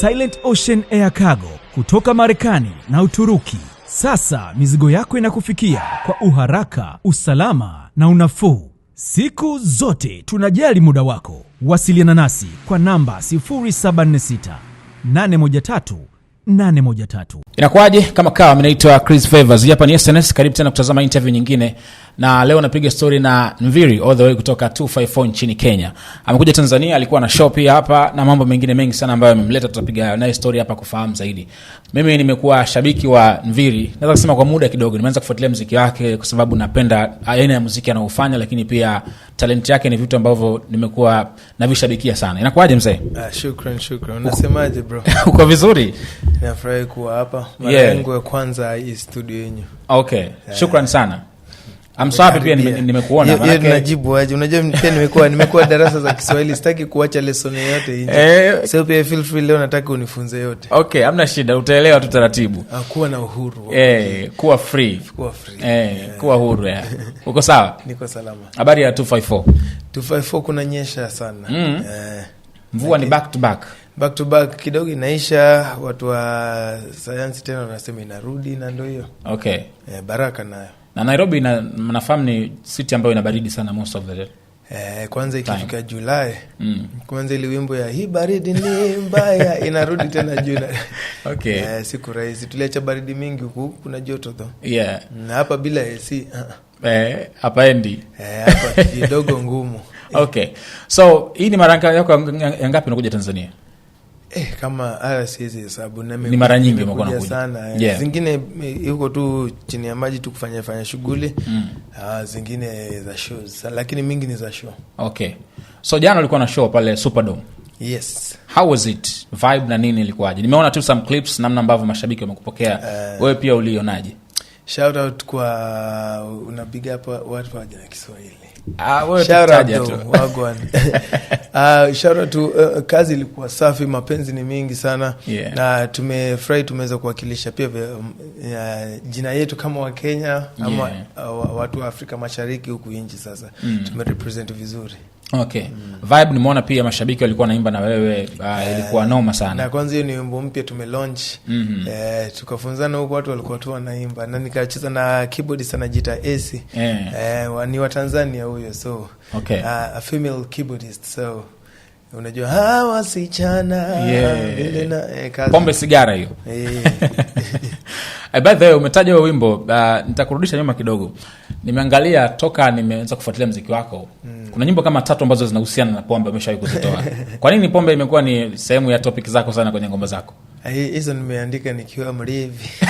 Silent Ocean Air Cargo kutoka Marekani na Uturuki. Sasa mizigo yako inakufikia kwa uharaka, usalama na unafuu. Siku zote tunajali muda wako. Wasiliana nasi kwa namba 076 813 Inakuwaje? Kama kawa, mimi naitwa Chris Favors. Hapa ni SNS, karibu tena kutazama interview nyingine na leo napiga stori na Mviri all the way kutoka 254 nchini Kenya. Amekuja Tanzania, alikuwa na shopi hapa na mambo mengine mengi sana ambayo amemleta, tutapiga naye stori hapa kufahamu zaidi. Mimi nimekuwa shabiki wa Mviri, naweza kusema kwa muda kidogo, nimeanza kufuatilia muziki wake kwa sababu napenda aina ya muziki anaofanya, lakini pia talenti yake ni vitu ambavyo nimekuwa navishabikia sana. Inakuwaje mzee? Ah, shukran, shukran. Unasemaje bro? Uko vizuri? Nafurahi kuwa hapa. Mara yangu ya kwanza hii studio yenyu. Okay. Yeah. Shukran sana. Amsafi pia nimekuona Unajua pia nimekuwa nimekuwa darasa za Kiswahili, sitaki kuacha leson yoyote nje eh, pia feel free leo nataka unifunze yote. Okay, hamna shida, utaelewa tu taratibu. Ah, kuwa na uhuru eh, Kuwa free, kuwa free eh, eh. Kuwa huru ya eh. uko sawa? Niko salama. Habari ya 254 254, kuna nyesha sana mm. Eh, mvua okay. Ni back to back back to back kidogo inaisha, watu wa sayansi tena wanasema inarudi, na ndo hiyo okay. Eh, baraka nayo na Nairobi na, nafahamu ni city ambayo ina baridi sana most of the Eh, kwanza ikifika Julai mm. Kwanza ili wimbo ya hii baridi ni mbaya inarudi tena Julai okay. Eh, siku rahisi tuliacha baridi mingi huku, kuna joto tho yeah. na hapa bila AC uh-uh. eh, hapa endi eh, kidogo ngumu okay. So hii ni mara yako ya ngapi unakuja Tanzania? Eh, kama haya siwezi hesabu na ni mara nyingi umekuwa nakuja sana eh, yeah. Zingine huko eh, tu chini ya maji tu kufanya fanya shughuli mm. Uh, zingine za show, lakini mingi ni za show. Okay, so jana ulikuwa na show pale Superdome. Yes. How was it? Vibe na nini ilikuwaje? Nimeona tu some clips namna ambavyo mashabiki wamekupokea. Uh, wewe pia ulionaje? Shout out kwa unapiga hapa watu wa Kiswahili. Ah, Shaura uh, ah, eh, eh, kazi ilikuwa safi, mapenzi ni mingi sana yeah. Na tumefurahi tumeweza kuwakilisha pia um, uh, jina yetu kama Wakenya ama yeah. uh, watu wa Afrika Mashariki huku nchi sasa mm. tumerepresent vizuri. Okay. Mm. Vibe nimeona pia mashabiki walikuwa naimba na wewe uh, ilikuwa noma sana. kwanza hiyo ni wimbo mpya tume launch. Mm -hmm. Eh, tukafunzana huko watu walikuwa tu wanaimba na nikacheza na keyboard sana jita AC. Yeah. Eh, eh ni watanzania huyo so. Okay. Uh, a keyboardist so unajua hawa yeah. Eh, pombe sigara hiyo. Eh. Uh, by the way umetaja huo wimbo uh, nitakurudisha nyuma kidogo. Nimeangalia toka nimeanza kufuatilia mziki wako mm. Kuna nyimbo kama tatu ambazo zinahusiana na pombe umeshawahi kuzitoa. Kwa nini pombe imekuwa ni sehemu ya topic zako sana kwenye ngoma zako? Eh, hizo nimeandika nikiwa mrivi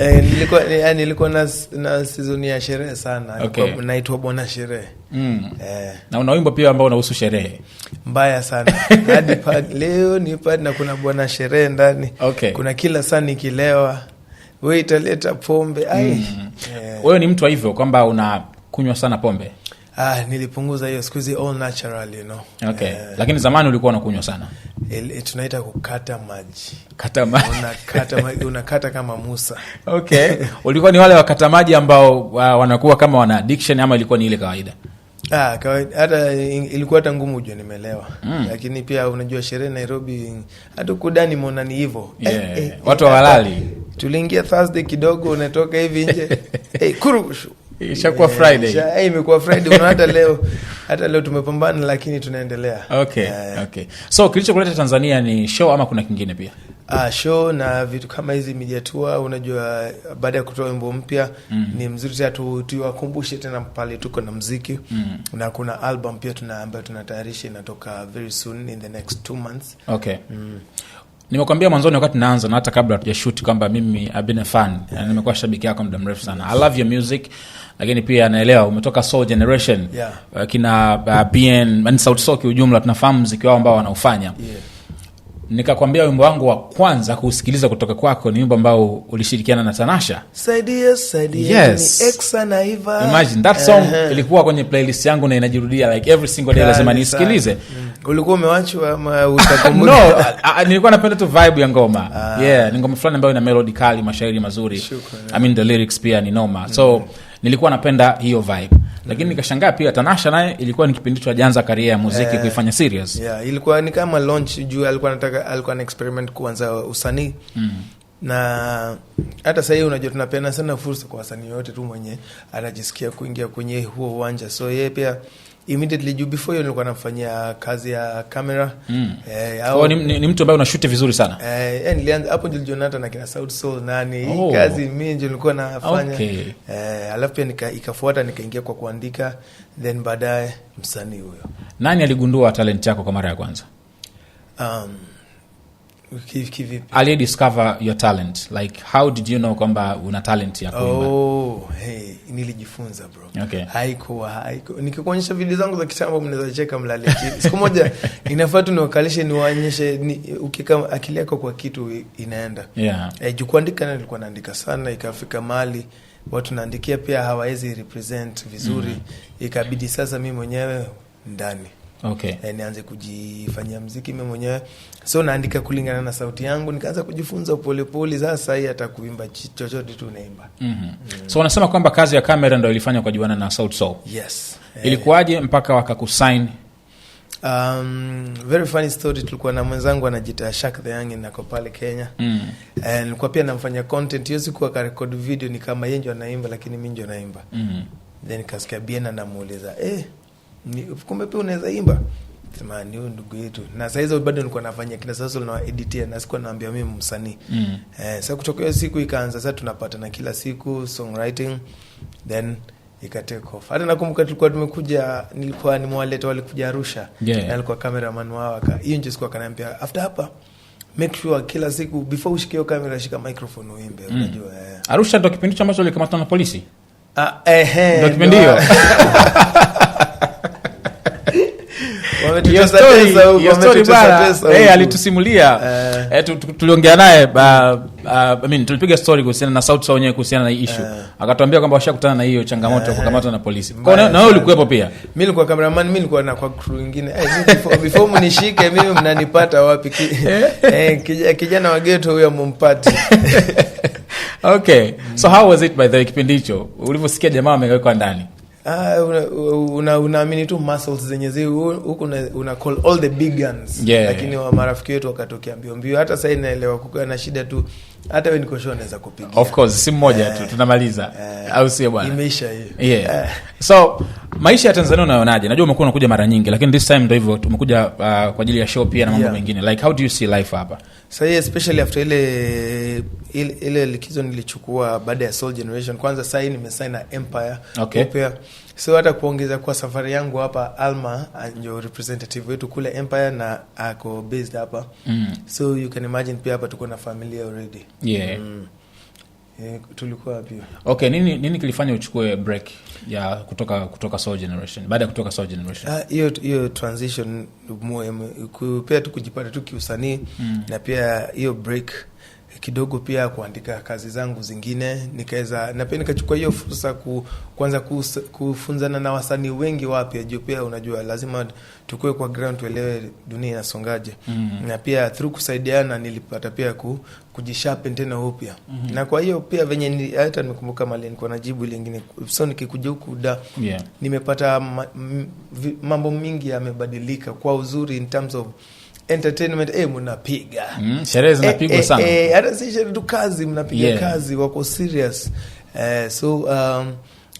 eh, nilikuwa eh, nilikuwa na, na sizoni ya sherehe sana okay. naitwa bwana sherehe mm. eh. na una wimbo pia ambao unahusu sherehe mbaya sana hadi pad leo ni pad na kuna bwana sherehe ndani okay. kuna kila saa nikilewa we italeta pombe mm. wewe mm. eh. ni mtu wa hivyo kwamba unakunywa sana pombe Ah, nilipunguza hiyo siku hizi all natural you know. Okay. Uh, lakini zamani ulikuwa unakunywa sana. Il, il, eh, tunaita kukata maji. Kata maji. Unakata maji, unakata kama Musa. Okay. Ulikuwa ni wale wakata maji ambao wa, wanakuwa kama wana addiction ama ilikuwa ni ile kawaida? Ah, kawaida hata ilikuwa hata ngumu ujue nimelewa. Mm. Lakini pia unajua sherehe Nairobi hatukudani ni hivyo. Yeah. Eh, eh, watu hawalali eh, Tuliingia Thursday kidogo unatoka hivi nje. hey, eh, kurushu. Ishakuwa eh, Friday. Eh, imekuwa Friday. Una hata leo hata leo tumepambana lakini tunaendelea. Okay. Eh, okay. So kilichokuleta Tanzania ni show ama kuna kingine pia? Ah, show na vitu kama hizi unajua baada ya kutoa wimbo mpya mm. ni mzuri tu, tena pale tuko na mziki mm. na kuna album pia tuna ambayo tunatayarisha inatoka very soon in the next two months. Okay. Mm. Nimekwambia mwanzoni wakati naanza na hata kabla tujashuti kwamba mimi abinefan Yeah. Nimekuwa shabiki yako muda mrefu sana. I love your music lakini pia anaelewa umetoka soul generation yeah. uh, kina uh, bn yani sauti so kiujumla tunafahamu mziki wao ambao wanaofanya yeah nikakwambia wimbo wangu wa kwanza kuusikiliza kutoka kwako ni wimbo ambao ulishirikiana na tanasha saidie, yes. song uh-huh. ilikuwa kwenye playlist yangu na inajirudia like every single day lazima niisikilize mm. ulikuwa umewachwa no nilikuwa napenda tu vibe ya ngoma ah. yeah, ni ngoma fulani ambayo ina melodi kali mashairi mazuri I mean, the lyrics pia ni noma so mm-hmm nilikuwa napenda hiyo vibe lakini mm. nikashangaa pia Tanasha naye ilikuwa ni kipindi cha janza karia ya muziki yeah. kuifanya serious yeah. ilikuwa ni kama launch juu alikuwa nataka alikuwa na experiment kuanza usanii mm na hata sahii unajua tunapeana sana fursa kwa wasanii yoyote tu mwenye anajisikia kuingia kwenye huo uwanja so yeye pia immediately juu before hiyo nilikuwa nafanyia kazi ya kamera mm. eh, au, ni, ni, ni mtu ambaye unashuti vizuri sana eh, eh, nilianza hapo ndio nilijuana na kina South Soul nani oh. hii kazi mimi ndio nilikuwa nafanya okay. eh, alafu pia nika, ikafuata nikaingia kwa kuandika then baadaye msanii huyo nani aligundua talent yako kwa mara ya kwanza um, Kivipi? your talent like how did you know kwamba una talent ya Oh, hey, nilijifunza bro. Okay. Haikuwa Nikikuonyesha video zangu za kitambo mnaweza cheka mlale. Siku moja inafaa tu niwakalishe niwaonyeshe ni, ukika akili yako kwa kitu inaenda. Yeah. Eh, jukuandika na nilikuwa naandika sana ikafika mali watu naandikia pia hawawezi represent vizuri. Mm. Ikabidi sasa mi mwenyewe ndani okay. E, nianze kujifanyia mziki mi mwenyewe, so naandika kulingana na sauti yangu, nikaanza kujifunza polepole. Sasa hii hata kuimba chochote tu naimba. mm -hmm. mm. So wanasema kwamba kazi ya kamera ndo ilifanya ukajuana na Sauti Sol. Yes. E, ilikuwaje mpaka wakakusain? Um, very funny story. Tulikuwa na mwenzangu anajita Shak the yangi nako pale Kenya. mm. E, nilikuwa pia namfanya content, hiyo kuwa karekod video ni kama yenjo anaimba, lakini minjo anaimba mm. Then kasikia Biena namuuliza eh, ni kumbe pia unaweza imba sema ni huyu ndugu yetu, na saizi bado nilikuwa nafanya kina sasa na editia na sikuwa naambia mimi msanii mm. Eh, sasa kutoka hiyo siku ikaanza sasa na kila siku songwriting then ikateko Hata nakumbuka tulikuwa tumekuja, nilikuwa nimewaleta walikuja Arusha yeah. na alikuwa cameraman wao aka hiyo ndio siku akaniambia after hapa make sure kila siku before ushike hiyo kamera shika microphone uimbe mm. unajua eh. Arusha ndio kipindi ambacho alikamatwa na polisi ah, eh, eh, ndio kipindi hiyo Eh, alitusimulia eh. Eh, tuliongea naye tulipiga story kuhusiana na sauti wenyewe kuhusiana na ishu uh, akatuambia kwamba washakutana na hiyo changamoto ya uh, kukamatwa na polisi nawe ulikuwepo pia mi likuwa kameraman mi likuwa na kwa kru ingine before mnishike mimi mnanipata wapi ki, eh, kijana wageto huyo mumpati okay so how was it by the kipindi hicho ulivyosikia jamaa amewekwa ndani Ah, una, unaamini una tu zenye zi huku una call all the big guns yeah. Lakini wa marafiki wetu wakatokea mbio mbio, hata sahi naelewa kukaa na shida tu, hata wewe nikosho unaweza kupiga, of course si mmoja tu eh. tunamaliza eh. au sio bwana, imeisha hiyo yeah. Eh. so Maisha ya Tanzania unayonaje? Najua umekuwa unakuja mara nyingi, lakini this time ndo hivyo tumekuja uh, kwa ajili ya show pia na mambo yeah, mengine like how do you see life hapa sasa hivi especially after ile ile, likizo nilichukua baada ya Soul Generation. Kwanza sasa hivi nimesign na Empire okay, upya so hata kuongeza kwa safari yangu hapa, Alma uh, ndio representative wetu kule Empire na ako based hapa mm, so you can imagine pia hapa tuko na familia already yeah mm. Eh, tulikuwa wapi? Okay, nini nini kilifanya uchukue break ya kutoka kutoka Soul Generation baada ya kutoka Soul Generation? Ah, hiyo uh, hiyo transition pia tu kujipata tu kiusanii mm. na pia hiyo break kidogo pia kuandika kazi zangu zingine nikaweza, na pia nikachukua hiyo fursa ku, kuanza kufunzana na wasanii wengi wapya, juu pia unajua lazima tukue kwa ground, tuelewe dunia inasongaje. mm -hmm. Na pia through kusaidiana nilipata pia ku, kujishapen tena upya mm -hmm. Na kwa hiyo pia venye ni, hata nimekumbuka mali na jibu lingine, so nikikuja huku da yeah. Nimepata ma, m, mambo mingi yamebadilika kwa uzuri in terms of entertainment eh, mnapiga mm, sherehe zinapigwa eh, eh, sana eh, hata si sherehe tu, kazi mnapiga yeah. Kazi wako serious eh, so um,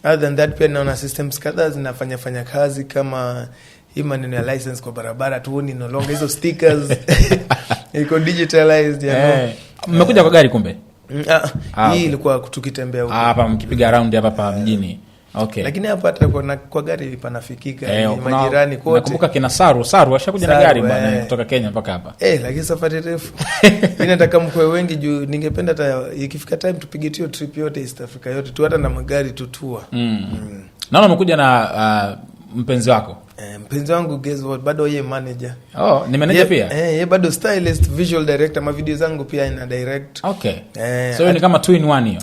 other than that pia naona systems kadha zinafanya fanya kazi kama hii maneno ya license kwa barabara tuoni no longer hizo stickers iko digitalized ya hey. Eh, mmekuja uh, kwa eh. gari kumbe? Uh, hii ilikuwa tukitembea ah, hapa mkipiga round hapa pa mjini Okay. Lakini hapa hata kwa, kwa gari panafikika eh, majirani kote. Nakumbuka kina Saru, Saru ashakuja na gari bwana eh, kutoka Kenya mpaka hapa. Eh, lakini safari refu. Mimi nataka mkoe wengi juu ningependa hata ikifika time tupige tio trip yote East Africa yote tu hata na magari tutua. Mm. Mm. Naona umekuja na uh, mpenzi wako. Eh, mpenzi wangu guess what, bado yeye manager. Oh, ni manager ye, pia. Eh, yeye bado stylist, visual director, ma video zangu pia ina direct. Okay. Eh, so ni kama two in one hiyo.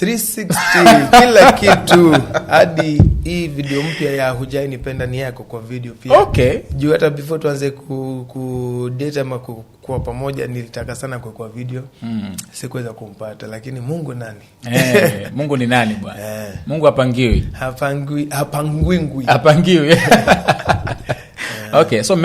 360 kila kitu hadi hii video mpya ya hujainipenda ni yako kwa video pia. Okay. Juu hata before tuanze ku, ku date ama ku, kuwa pamoja nilitaka sana kwa kwa video. Mm. Sikuweza kumpata lakini Mungu nani? hey, eh, Mungu ni nani bwana? hey. Eh. Mungu hapangiwi. hapangwingwi. Hapangiwi yeah. Okay, so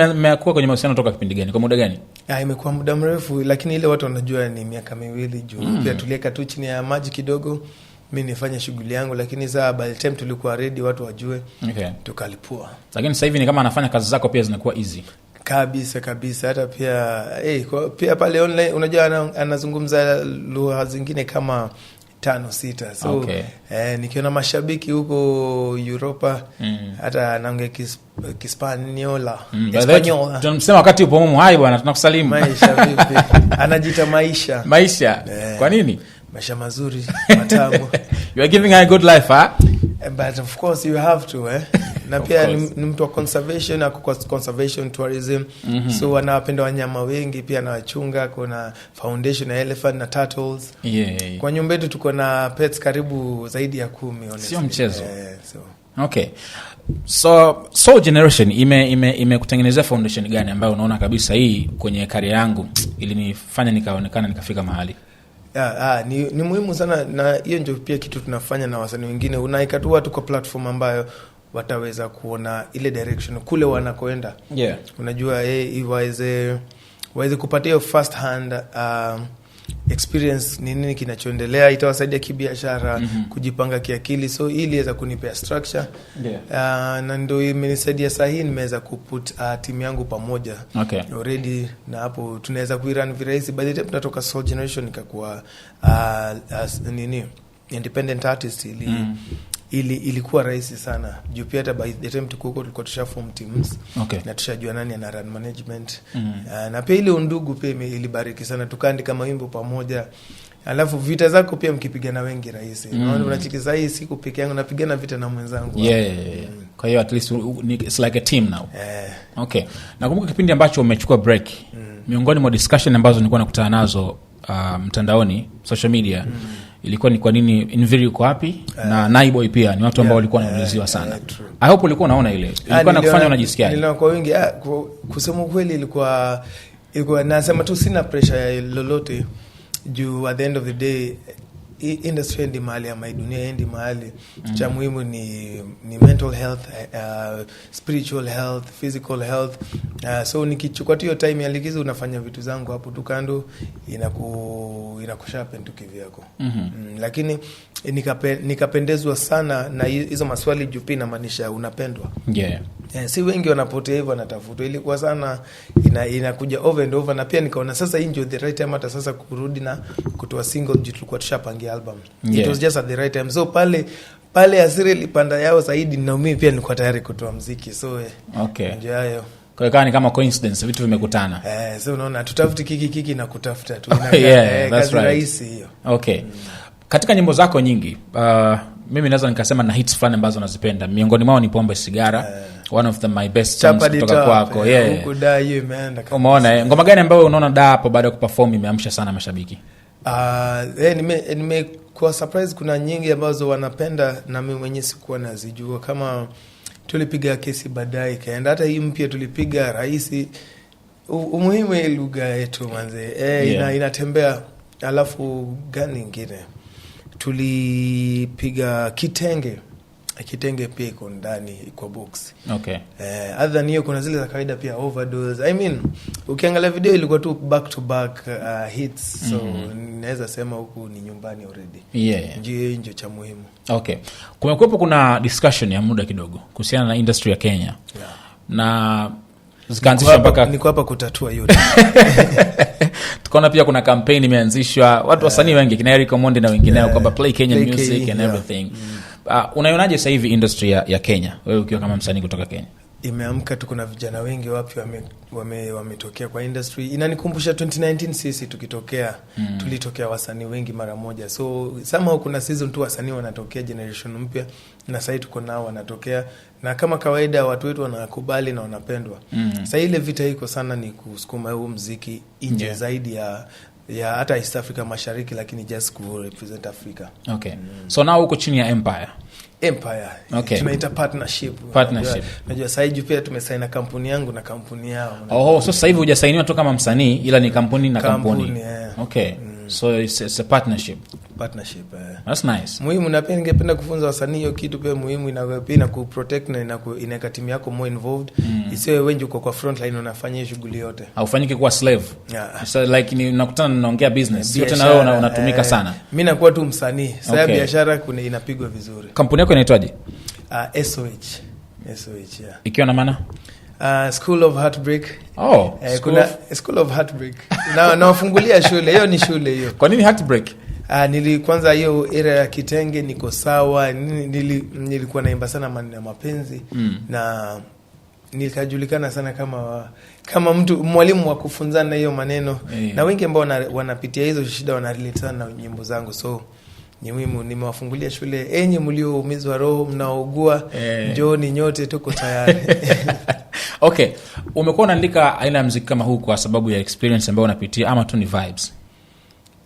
kwenye mahusiano toka kipindi gani, kwa muda gani? imekua ah, imekuwa muda mrefu, lakini ile watu wanajua ni miaka miwili juu mm. pia tulieka tu chini ya maji kidogo mi nifanye shughuli yangu, lakini saa by the time tulikuwa redi watu wajue, okay. Tukalipua, lakini sasahivi hivi ni kama anafanya kazi zako pia zinakuwa hizi kabisa kabisa. Hata pia hey, eh, pia pale online unajua anazungumza lugha zingine kama tano sita, so okay. Eh, nikiona mashabiki huko Uropa mm. hata nange mm, Kispaniola tunamsema wakati upo humu. Hai bwana, tunakusalimu maisha anajita maisha maisha eh. Kwa nini maisha mazuri matamu you are giving a good life huh? Eh, but of course you have to eh? na pia ni mtu wa conservation na conservation tourism mm -hmm. so wanawapenda wanyama wengi pia anawachunga kuna foundation ya elephant na turtles yeah, yeah. kwa nyumba yetu tuko na pets karibu zaidi ya kumi sio mchezo yeah, so. okay so soul generation imekutengenezea ime, ime foundation gani ambayo unaona kabisa hii kwenye kari yangu ilinifanya nikaonekana nikafika mahali ya, a, ah, ni, ni muhimu sana na hiyo ndio pia kitu tunafanya na wasanii wengine unaika tu watu kwa platform ambayo wataweza kuona ile direction kule wanakoenda yeah. unajua hey, eh, waweze waweze kupatia first hand uh, experience ni nini kinachoendelea, itawasaidia kibiashara, mm -hmm. kujipanga kiakili, so hii iliweza kunipea structure yeah. Uh, na ndo imenisaidia sahii, nimeweza kuput uh, timu yangu pamoja okay. already na hapo tunaweza kuiran virahisi. By the time tunatoka Soul Generation ikakuwa uh, nini independent artist ili mm -hmm ili ilikuwa rahisi sana juu pia hata by the time tukuko tulikuwa tusha tushaform teams okay. na tushajua nani ana run management mm. uh, na pia ile undugu pia ilibariki sana tukaandi kama wimbo pamoja alafu vita zako pia mkipigana wengi rahisi mm. unachiki sahii siku peke yangu napigana vita na mwenzangu yeah, yeah, yeah. Mm. kwa hiyo at least it's like a team now yeah. okay nakumbuka kipindi ambacho umechukua break mm. miongoni mwa discussion ambazo nilikuwa nakutana nazo uh, mtandaoni social media mm ilikuwa ni kwa nini Inviry iko wapi uh, na Naiboy pia ni watu ambao walikuwa yeah, wanauliziwa sana true. I hope ulikuwa unaona ile ah, ilikuwa nakufanya unajisikia Niliona kwa wingi ah, kusema kweli, ilikuwa ilikuwa nasema tu sina pressure ya lolote juu at the end of the day industry endi mahali ama hii dunia endi mahali mm. -hmm. cha muhimu ni, ni mental health uh, spiritual health physical health uh, so nikichukua tu hiyo time ya likizo unafanya vitu zangu hapo tu kando inaku inakushapen tu kivyako mm-hmm. mm, lakini nikape, nikapendezwa sana na hizo maswali jupi pia inamaanisha unapendwa yeah. Yeah, si wengi wanapotea hivyo wanatafutwa ilikuwa sana ina, inakuja over and over na pia nikaona sasa hii ndio the right time hata sasa kurudi na kutoa single juu tulikuwa tushapangia album yeah. It was just at the right time so pale pale asiri lipanda yao zaidi na mimi pia nikuwa tayari kutoa mziki so eh, okay. Ndio hayo ni kama coincidence vitu vimekutana eh, so unaona tutafuti kiki kiki na kutafuta tu yeah, eh, kazi right. rahisi hiyo okay mm. katika nyimbo zako nyingi uh, mimi naweza nikasema na hits fulani ambazo nazipenda miongoni mwao ni pombe sigara yeah. one of the my best kutoka kwako eh, yeah. umeona eh, ngoma gani ambayo unaona da hapo baada ya kuperform imeamsha sana mashabiki Uh, eh, nime, eh, nime kwa surprise kuna nyingi ambazo wanapenda na mimi mwenye sikuwa nazijua, kama tulipiga kesi baadaye ikaenda, hata hii mpya tulipiga rahisi. Umuhimu lugha yetu manze, e, yeah. ina, inatembea. Alafu gani ingine tulipiga Kitenge kitenge pia iko ndani kwa box. Okay. Eh, other hiyo kuna zile za kawaida pia overdose. I mean, ukiangalia video ilikuwa tu back to back uh, hits. So mm -hmm. Naweza sema huku ni nyumbani already. Yeah. Ndio ndio cha muhimu. Okay. Kumekuwepo kuna discussion ya muda kidogo kuhusiana na industry ya Kenya. Yeah. Na zikaanzishwa mpaka niko hapa kutatua hiyo. Tukaona pia kuna kampeni imeanzishwa watu wasanii wengi kina Eric Omondi na wengineo yeah. kwamba play Kenyan play music Kenya. and everything. Yeah. Mm. Uh, unaionaje sasa hivi industry ya, ya Kenya, wewe ukiwa kama msanii kutoka Kenya? Imeamka tu, kuna vijana wengi wapya wametokea wame, wame kwa industry. Inanikumbusha 2019 sisi tukitokea, mm. tulitokea wasanii wengi mara moja, so somehow kuna season tu wasanii wanatokea generation mpya, na sahii tuko nao wanatokea, na kama kawaida watu wetu wanakubali na wanapendwa. mm. Sasa ile vita iko sana ni kusukuma huu mziki nje, yeah. zaidi ya ya hata East Africa Mashariki, lakini just ku represent Africa. Okay. Mm. So now uko chini ya Empire. Empire. Okay. Tunaita partnership. Partnership. Unajua sasa hivi pia tumesaina kampuni yangu na kampuni yao. Oh, so sasa hivi hujasainiwa tu kama msanii ila ni kampuni na kampuni. Kampuni. Yeah. Okay. Mm. Mm. so it's, it's a partnership partnership eh. That's nice. Muhimu na pia ningependa kufunza wasanii hiyo kitu pia muhimu, ina pia ina kuprotect na ina inaweka timu yako more involved mm. Isiwe wengi uko kwa front line unafanya hiyo shughuli yote, haufanyiki kuwa slave yeah. So, like ni nakutana naongea business sio tena wewe unatumika eh, sana. Mimi nakuwa tu msanii sasa, okay. Biashara kuna inapigwa vizuri. Kampuni yako inaitwaje? Uh, ah, SOH SOH yeah. Ikiwa na maana Uh, School of Heartbreak. Oh, eh, nawafungulia shule, hiyo ni shule hiyo. Kwa nini Heartbreak? Uh, nili kwanza hiyo era ya kitenge niko sawa, nili, nilikuwa naimba sana maneno ya mapenzi mm. na nikajulikana sana kama kama mtu mwalimu wa kufunzana hiyo maneno yeah. na wengi ambao wanapitia hizo shida wanarelate sana na nyimbo zangu so ni muhimu. Nimewafungulia shule, enye mlioumizwa roho, mnaougua eh, njooni nyote, tuko tayari Okay, umekuwa unaandika aina ya mziki kama huu kwa sababu ya experience ambayo unapitia ama tu ni vibes?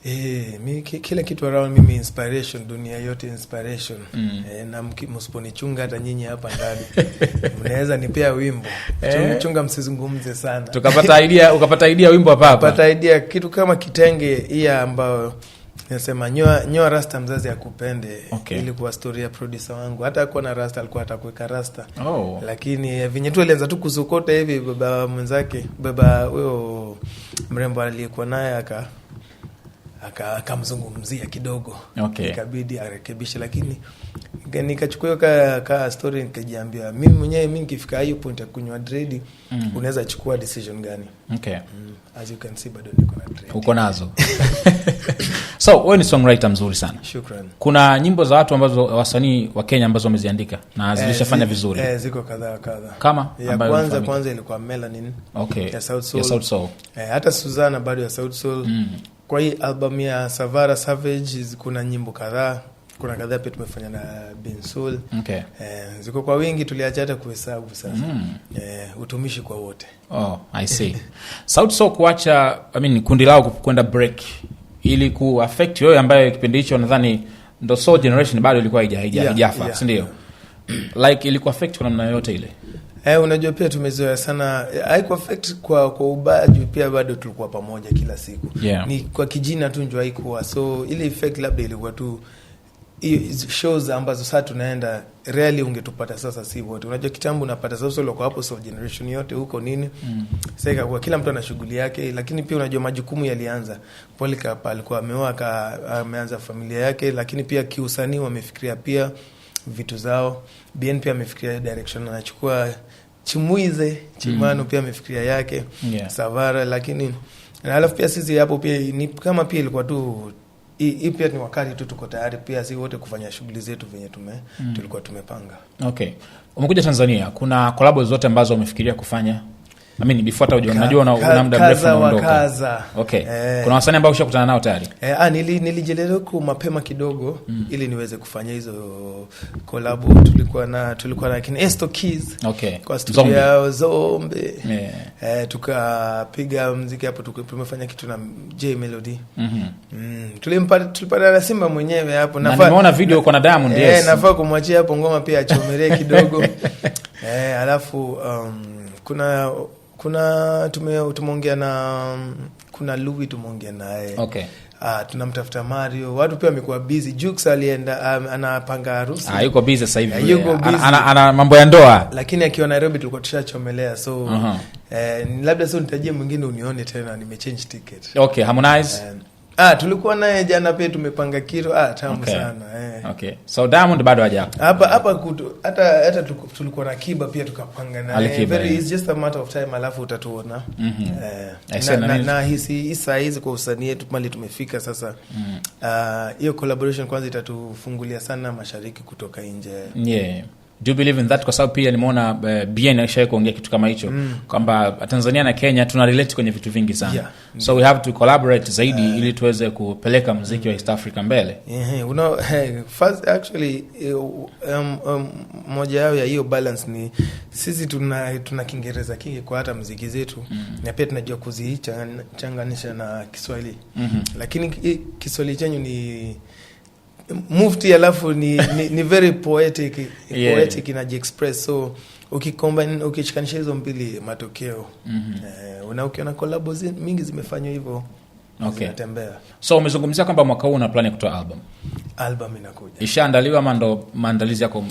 E, mi, kila kitu around mimi inspiration, dunia yote inspiration mm. E, na msiponichunga hata nyinyi hapa ndani mnaweza nipea wimbo e. Chunga, msizungumze sana tukapata idea, ukapata idea wimbo hapa hapa, pata idea kitu kama kitenge hiya ambayo Nasema nyoa nyoa rasta mzazi akupende. Okay. Ilikuwa story ya wangu. Hata akuwa na rasta alikuwa atakuweka rasta. Oh. Lakini eh, venye tu alianza tu kusokota hivi baba mwenzake, baba huyo mrembo aliyekuwa naye aka akamzungumzia aka kidogo okay. Ikabidi arekebishe, lakini nikachukua ka, ka story nikajiambia mimi mwenyewe, mi nkifika hiyo point ya kunywa dredi mm unaweza chukua decision gani? okay. mm. As you can see bado niko na dredi, uko nazo so wewe ni songwriter mzuri sana, Shukran. Kuna nyimbo za watu ambazo wasanii wa Kenya ambazo wameziandika na zilishafanya eh, zi, vizuri eh, ziko kadhaa kadhaa, kama ya kwanza kwanza ilikuwa Melanin okay. ya South Soul, ya South Soul. Eh, hata Suzana bado ya South Soul mm. Kwa hii albamu ya Savara Savage kuna nyimbo kadhaa, kuna kadhaa pia tumefanya na Bensoul. Okay. Eh, ziko kwa wingi tuliacha hata kuhesabu sasa. Mm. Eh, utumishi kwa wote. Oh, I see. Sauti Sol kuacha, I mean kundi lao kwenda break ili ku affect wewe ambaye kipindi hicho nadhani ndo Soul Generation bado ilikuwa haijafa, si ndio? Like ilikuwa affect kwa namna yoyote ile? Eh, unajua pia tumezoea sana eh, haiko affect kwa kwa ubaya juu pia bado tulikuwa pamoja kila siku. Yeah. Ni kwa kijina tu ndio haikuwa. So ile effect labda ilikuwa tu shows ambazo sasa tunaenda rarely ungetupata sasa si wote. Unajua kitambo unapata sasa ulikuwa hapo so generation yote huko nini. Mm. Sasa kwa kila mtu ana shughuli yake, lakini pia unajua majukumu yalianza. Polycarp alikuwa ameoa ameanza familia yake, lakini pia kiusanii wamefikiria pia vitu zao. BN pia amefikiria direction anachukua Chimwize Chimano mm. pia amefikiria yake yeah. Savara lakini alafu pia sisi hapo pia ni kama pia ilikuwa tu hii pia ni wakati tu tuko tayari pia si wote kufanya shughuli zetu venye tume, mm. tulikuwa tumepanga. Okay, umekuja Tanzania, kuna kolabo zote ambazo umefikiria kufanya? I mean before hata unajua una, una muda mrefu unaondoka. Okay. Eh, kuna wasani ambao ushakutana nao tayari? Eh, ah nili nilijelelea huko mapema kidogo mm, ili niweze kufanya hizo kolabu tulikuwa na tulikuwa na kina Esto keys Okay. Kwa studio yao Zombe. Yeah. Eh, tukapiga mziki hapo tumefanya kitu na J Melody. mm-hmm. mm tulimpata tulipata na Simba mwenyewe hapo Na nimeona video kwa na Diamond eh, yes. nafaa kumwachia hapo ngoma pia achomelee kidogo. eh, alafu um, kuna kuna tumeongea na kuna lui tumeongea naye okay. Ah, tunamtafuta Mario, watu pia amekuwa busy. Jux alienda um, anapanga harusi ah, yuko busy sasa hivi, yuko ana, ana, ana mambo ya ndoa, lakini akiwa Nairobi tulikuwa tushachomelea so uh -huh. Eh, labda sio nitajie mwingine unione tena, nimechange ticket okay. Harmonize Ah, tulikuwa naye jana pia tumepanga kilo Ah, tamu okay. sana eh. Okay. So Diamond bado haja hapa hapa hata hata tulikuwa na Kiba pia tukapanga naye. Very yeah. is just a matter of time alafu utatuona. Mm -hmm. Eh, na, na, na, na hisi saa hizi kwa usanii yetu mali tumefika sasa. Mm. Ah, hiyo -hmm. uh, collaboration kwanza itatufungulia sana mashariki kutoka nje. Yeah do believe in that kwa sababu pia nimeona uh, eh, BN alishawahi kuongea kitu kama hicho mm. kwamba Tanzania na Kenya tuna relate kwenye vitu vingi sana yeah. mm. so we have to collaborate zaidi uh, ili tuweze kupeleka mziki mm. wa East Africa mbele yeah, you hey, first actually eh, um, um, moja yao ya hiyo balance ni sisi tuna tuna Kiingereza kingi kwa hata mziki zetu mm. na pia tunajua kuzichanganisha na Kiswahili mm -hmm. lakini Kiswahili chenyu ni mufti alafu ni, ni, ni very poetic, yeah. poetic inajiexpress so ukikombine ukishikanisha hizo mbili matokeo mm -hmm. Eh, una ukiona kolabo mingi zimefanywa hivyo okay. So umezungumzia kwamba mwaka huu una plani kutoa album. Album inakuja. Ishaandaliwa ama ndo maandalizi yako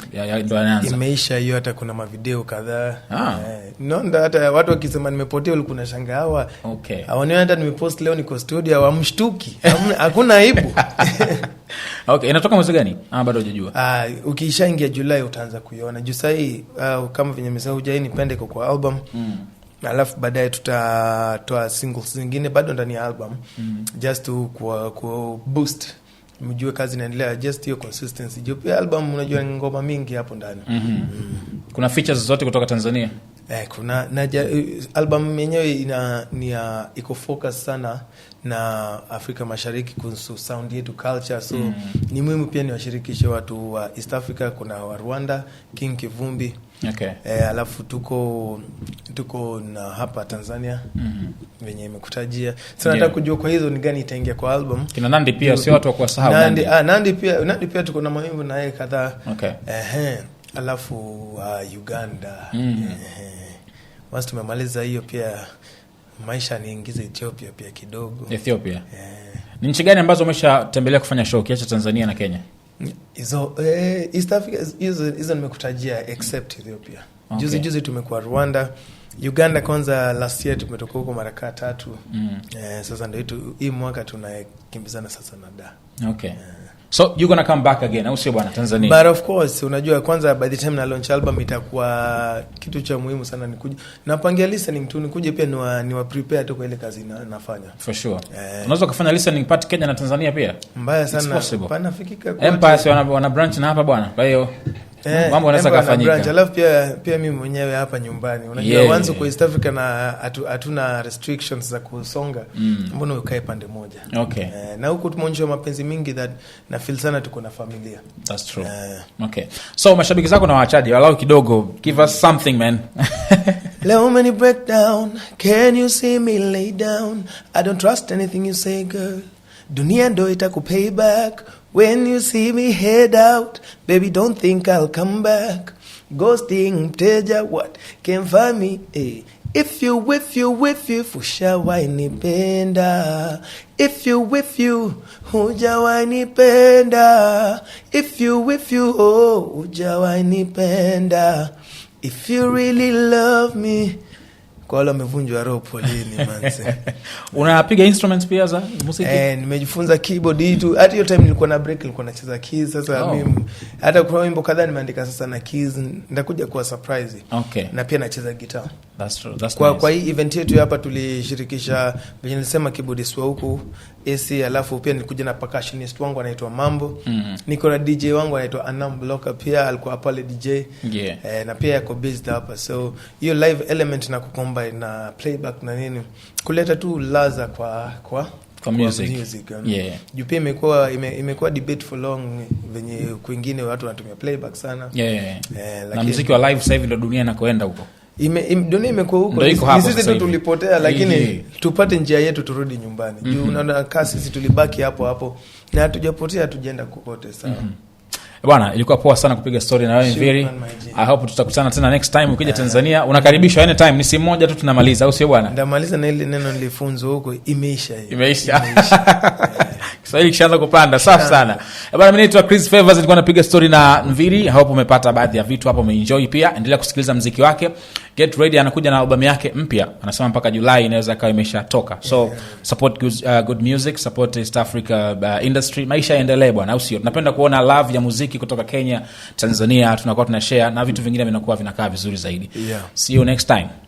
ndo yanaanza? Imeisha hiyo, hata kuna mavideo kadhaa. Ah. Eh, no, ndo hata watu wakisema nimepotea ulikuwa shanga hawa. Okay. Hawaoni hata nimepost leo niko studio hawamshtuki. Hakuna aibu. Okay, inatoka mwezi gani? Ah, bado hujajua. Ah, ukishaingia Julai utaanza kuiona. Juu sahii uh, kama venye nimesema hujai nipende kwa album. Mm alafu baadaye tutatoa singles zingine bado ndani ya album mm -hmm. just to mjue kazi inaendelea, just hiyo consistency juu pia album unajua ngoma mingi hapo ndani mm -hmm. mm. kuna features zote kutoka Tanzania eh, kuna na album yenyewe ina ni iko focus sana na Afrika Mashariki kuhusu sound yetu culture, so mm ni muhimu pia niwashirikishe watu wa East Africa, kuna wa Rwanda King Kivumbi okay. E, alafu tuko tuko na hapa Tanzania mm -hmm. venye imekutajia sasa, nataka kujua kwa hizo ni gani itaingia kwa album. Kina Nandi pia sio watu wa kuwasahau Nandi. Nandi. Ah, Nandi pia Nandi pia tuko na mawimbo na yeye kadhaa okay. Ehe, alafu uh, Uganda mm -hmm. Ehe, tumemaliza hiyo pia maisha niingize Ethiopia pia kidogo. Ethiopia, yeah. Ni nchi gani ambazo umeshatembelea kufanya show kiacha Tanzania na Kenya? hizo eh, East Africa hizo nimekutajia except Ethiopia. Okay. Juzi juzi tumekuwa Rwanda, Uganda kwanza last year tumetoka huko mara kaa tatu. Mm. Eh, sasa ndo hii mwaka tunakimbizana sasa na da. Okay. Eh. So you gonna come back again, au sio bwana Tanzania? But of course, unajua kwanza by the time na launch album itakuwa kitu cha muhimu sana nikuje. Napangia listening tu nikuje pia niwa, niwa prepare tu kwa ile kazi na, nafanya. For sure. Eh. Unaweza kufanya listening part Kenya na Tanzania pia? Mbaya sana. Panafikika kwa Empire wana, wana branch na hapa bwana. Kwa hiyo Eh, mambo yanaweza eh, kufanyika. Alafu pia pia mimi mwenyewe hapa nyumbani unajua yeah. Wanzo kwa East Africa na hatuna restrictions za kusonga mm. Mbona ukae pande moja? Okay. Eh, na huku tumeonyesha mapenzi mingi that na feel sana tuko na familia. That's true. Eh. Okay. So mashabiki zako na waachaji walau kidogo give us something man. Leo umeni break down. Can you see me lay down? I don't trust anything you say girl. Dunia ndo itakupay back. When you see me head out, baby, don't think I'll come back. Ghosting, tell ya what? Can't find me, eh. If you, with you, with you, hushawainipenda. If you, with you, hujawainipenda. If you, with you, oh, hujawainipenda. If you really love me, kwa wale wamevunjwa roho, polini Unapiga instruments pia za muziki? Eh, nimejifunza keyboard hii tu. Hata hiyo time nilikuwa na break, nilikuwa nacheza keys. Sasa oh. mimi hata kuna wimbo kadhaa nimeandika sasa na keys, nitakuja kuwa surprise. Okay. Na pia nacheza guitar. That's true. That's kwa nice. Kwa hii event yetu hapa tulishirikisha vile nilisema keyboardist wa huku AC, alafu pia nilikuja na percussionist wangu anaitwa Mambo. Mm Niko na DJ wangu anaitwa Anam Blocker pia alikuwa pale DJ. Yeah. Eh, na pia yako based hapa. So hiyo live element na kukomba kwamba ina playback na nini, kuleta tu laza kwa kwa kwa yeah. imekuwa ime, imekuwa debate for long venye kwingine watu wanatumia playback sana yeah, yeah. Eh, lakini, na muziki wa live sasa hivi ndo dunia inakoenda huko Ime, im, dunia imekuwa huko sisi tu tulipotea, lakini yeah. tupate njia yetu turudi nyumbani mm -hmm. juu mhm. Unaona, kaa sisi tulibaki hapo hapo na hatujapotea, hatujaenda kokote sawa mm -hmm. Bwana, ilikuwa poa sana kupiga story na wewe Mviri. I hope tutakutana tena next time ukija yeah. Tanzania. Unakaribishwa any time. Ni simu moja tu tunamaliza, au sio bwana? Ndamaliza na ile neno nilifunzwa huko imeisha. Imeisha. Kiswahili kishaanza kupanda. Safi sana. Eh, bwana, mimi naitwa Chris Favors, nilikuwa napiga story na Mviri. I hope umepata baadhi ya vitu hapo, umeenjoy pia. Endelea kusikiliza muziki wake. Get Ready anakuja na albamu yake mpya, anasema mpaka Julai inaweza ikawa imeshatoka. So support good, uh, good music, support East Africa uh, industry, maisha yaendelee bwana, au sio? Tunapenda kuona love ya muziki kutoka Kenya, Tanzania, tunakuwa tuna na vitu vingine vinakuwa vinakaa vizuri zaidi. See you next time.